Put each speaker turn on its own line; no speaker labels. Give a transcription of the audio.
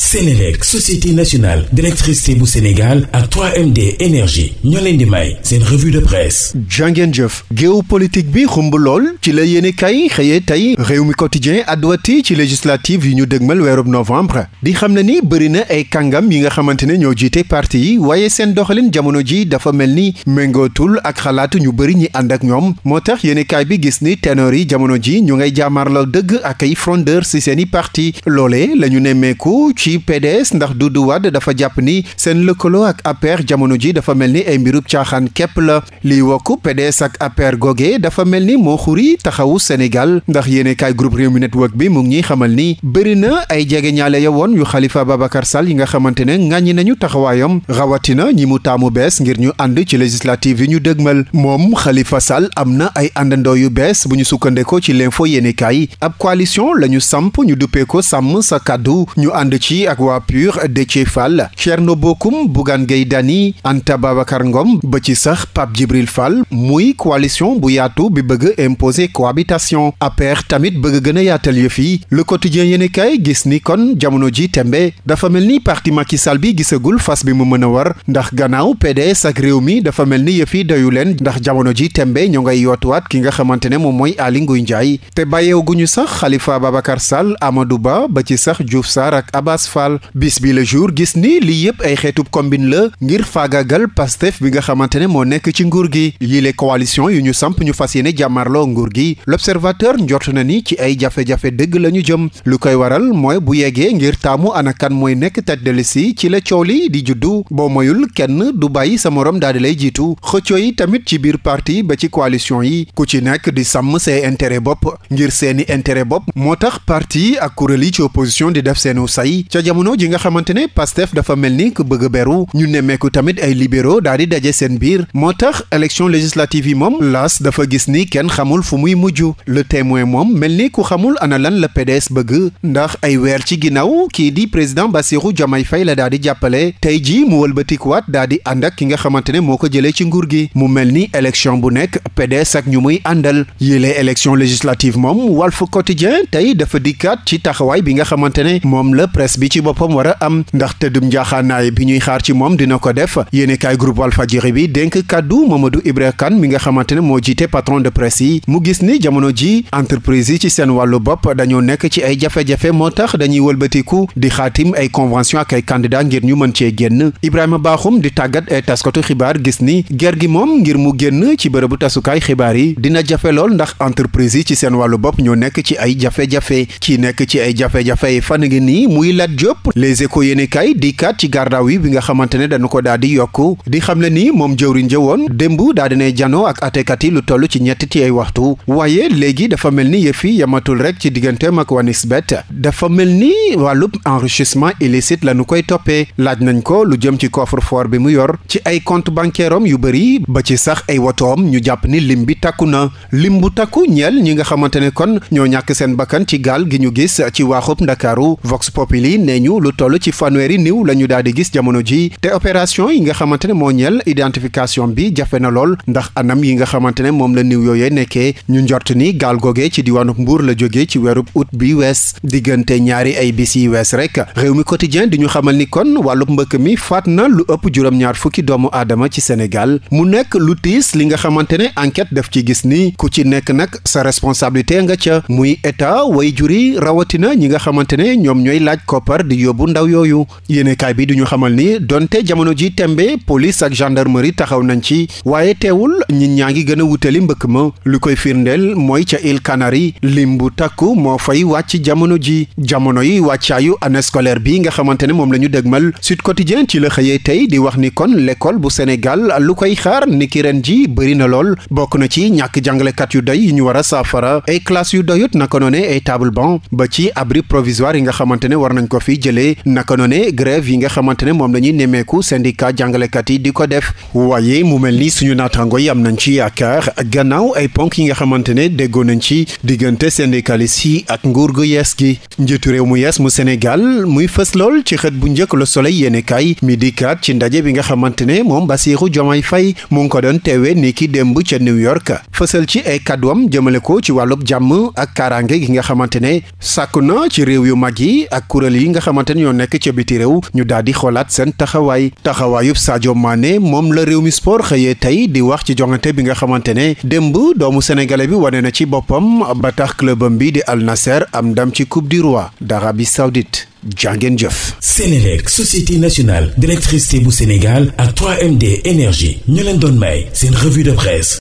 Sénélec société nationale d'électricité bu Sénégal ak md énergie ñoo leen di may seen de presse jàngeen jëf géopolitique bi xumb lool ci la yéene kay xëyee tey réew mi quotidien adduwati ci législative yi ñu dëgmal weerub novembre di xam ne ni bëri na ay kàngam yi nga xamante ne ñoo jiite parti yi waaye seen doxalin jamono ji dafa mel ni méngootul ak xalaatu ñu bëri ñi ànd ak ñoom moo tax yéene kaay bi gis ni ténor yi jamono ji ñu ngay jaamaarloo dëgg ak ay frondeur si seeni parti loole lañu nemmeeku ci ci PDS ndax Doudou Wade dafa jàpp ni seen lëkkaloo ak APR jamono ji dafa mel ni ay mbirub caaxaan képp la liy wokku PDS ak APR googe dafa mel ni moo xuri taxawu senegal ndax yéene kaay groupe Rewmi Network bi mu ngi xamal ni bëri na ay jege ñaale ya woon yu xalifa Babacar Sall yi nga xamante ne ŋàññi nañu taxawaayam rawatina ñi mu taamu bees ngir ñu ànd ci législative yi ñu dëgmal moom xalifa Sall am na ay àndandoo yu bees bu ñu sukkandekoo ci l'info yéene kaay ab coalition samp ñu yi ak waa PUR Déthié Fall Thierno Bocoum Bougane Gueye Dany Anta Babacar Ngom ba ci sax Pape Djibril Fall muy coalition bu yaatu bi bëgg imposer cohabitation APR tamit bëgg gën a yaatal yëf yi Le Quotidien yéeni gis ni kon jamono ji tembe dafa mel ni parti Macky Sall bi gisagul fas bi mu mën a war ndax gannaaw PDS ak réew mi dafa mel ni yëf yi dayu leen ndax jamono ji tembe ñoo ngay yootuwaat ki nga xamante ne moom mooy Aly Ngouille Ndiaye te bàyyeew guñu sax Khalifa Babacar Sall Abbas Fall bis bi le jour gis ni lii yëpp ay xeetub combine la ngir faagagal pastef bi nga xamante ne moo nekk ci nguur gi yile coalition yu ñu samp ñu fas yéene jàmmarloo nguur gi l'observateur njort na ni ci ay jafe-jafe dëgg la ñu jëm lu koy waral mooy bu yeggee ngir taamu anakan mooy nekk tête de liste ci la coow li di juddu boo moyul kenn du bàyyi sa morom daal di lay jiitu xëccoo yi tamit ci biir parti ba ci coalition yi ku ci nekk di sàmm say intérêt bopp ngir seeni intérêt bopp moo tax parti ak kuréel yi ci opposition di def seenu say ca jamono ji nga xamante ne Pastef dafa mel ni ku bëgg a beru ñu nemmeeku tamit ay libéro daal di daje seen biir moo tax élection législative yi moom laas dafa gis ni kenn xamul fu muy mujj le témoin moom mel ni ku xamul ana lan la PDS bëgg ndax ay weer ci ginnaaw kii di président Bassirou Diomaye Faye la daal di jàppale tey jii mu wëlbatikuwaat daal di ànd ak ki nga xamante ne moo ko jëlee ci nguur gi mu mel ni élection bu nekk PDS ak ñu muy àndal yëlee élection législative moom Walf Quotidien tey dafa dikkaat ci taxawaay bi nga xamante ne moom la presse bi ci boppam war a am ndax tëddum njaaxaanaay bi ñuy xaar ci moom dina ko def yéene kaay groupe Walfadjri bi dénk kàddu du Ibra kan mi nga xamante ne moo jiite patron de presse yi mu gis ni jamono ji entreprise yi ci seen wàllu bopp dañoo nekk ci ay jafe-jafe moo tax dañuy wëlbatiku di xaatim ay convention ak ay candidat ngir ñu mën cee génn Ibrahima baaxum di tàggat ay taskatu xibaar gis ni ger gi moom ngir mu génn ci bërëbu tasukaay xibaar yi dina jafe lool ndax entreprise yi ci seen wàllu bopp ñoo nekk ci ay jafe ci nekk ci ay jafe Lat Diop les échos yéenekaay dikkaat ci gardaaw yi bi nga xamante ne dañu ko daal di yokk di xam ne ni moom jëwriñ ja woon démb daa nay janoo ak atekat yi lu toll ci ñetti ci ay waxtu waaye léegi dafa mel ni yëfi yamatul rek ci digganteem ak Wanisbet dafa mel ni wàllub enrichissement illicite la ñu koy toppee laaj nañ ko lu jëm ci coffre-fort bi mu yor ci ay compte bancaire yu bëri ba ci sax ay wotoom ñu jàpp ni lim bi takku na lim bu takku ñeel ñi nga xamante ne kon ñoo ñàkk seen bakkan ci gaal gi ñu gis ci waaxub Ndakaaru Vox Populi nee ñu lu toll ci fanweeri niw la ñu daal di gis jamono ji te opération yi nga xamante ne moo ñel identification bi jafe na lool ndax anam yi nga xamante ne moom la niw yooyee nekkee ñu njort ni gaal googe ci diwaanu Mbuur la jógee ci weeru août bi wees diggante ñaari ay bis yi wees rek réew mi quotidien di ñu xamal ni kon wàllub mbëkk mi faat na lu ëpp juróom-ñaar fukki doomu aadama ci Sénégal mu nekk lu tiis li nga xamante ne enquête daf ci gis ni ku ci nekk nag sa responsabilité nga ca muy état way juri rawatina ñi nga xamante ne ñoom ñooy laaj kopp koppar di yóbbu ndaw yooyu yéenekaay bi duñu xamal ni donte jamono ji tembe police ak gendarmerie taxaw nañ ci waaye teewul ñit ñaa ngi gën a wutali mbëkk ma lu koy firndeel mooy ca Îles Canaries lim bu takku moo fay wàcc jamono ji jamono yi wàccaayu année scolaire bi nga xamante ne moom la ñu dëgmal Sud Quotidien ci la xëyee tey di wax ni kon lekkool bu Sénégal lu koy xaar niki ren ji bëri na lool bokk na ci ñàkk jàngalekat yu doy yi ñu war a saafara ay classe yu doyut naka noone ay table banc ba xamante ne war nañ ko ko fi jëlee naka noone grève yi nga xamante ne moom la ñuy nemmeeku syndicat jàngalekat yi di ko def waaye mu mel ni suñu naataango yi am nañ ci yaakaar gannaaw ay ponk yi nga xamante ne déggoo nañ ci diggante syndicaliste yi ak nguur gu yees gi njiitu réew mu yees mu Sénégal muy fës lool ci xët bu njëkk la Soleil yéene kaay mi dikkaat ci ndaje bi nga xamante ne moom Bassirou Diomaye Faye mu ngi ko doon teewee ni ki démb ca New York fësal ci ay kàdduwam jëmale ko ci wàllub jàmm ak kaaraange gi nga xamante ne sàkku na ci réew yu mag yi ak kuréel yi yi nga xamante ni ñoo nekk ca biti réew ñu daal di xoolaat seen taxawaay taxawaayub Sadio Mané moom la réew mi sport xëyee tey di wax ci jongante bi nga xamante ne démb doomu sénégalais bi wane na ci boppam ba tax clubam bi di Al Nasser am ndam ci coupe du roi d'Arabie saoudite jàngeen jëf. Sénélec société nationale d'électricité bu Sénégal ak 3MD énergie ñu leen doon may seen revue de presse.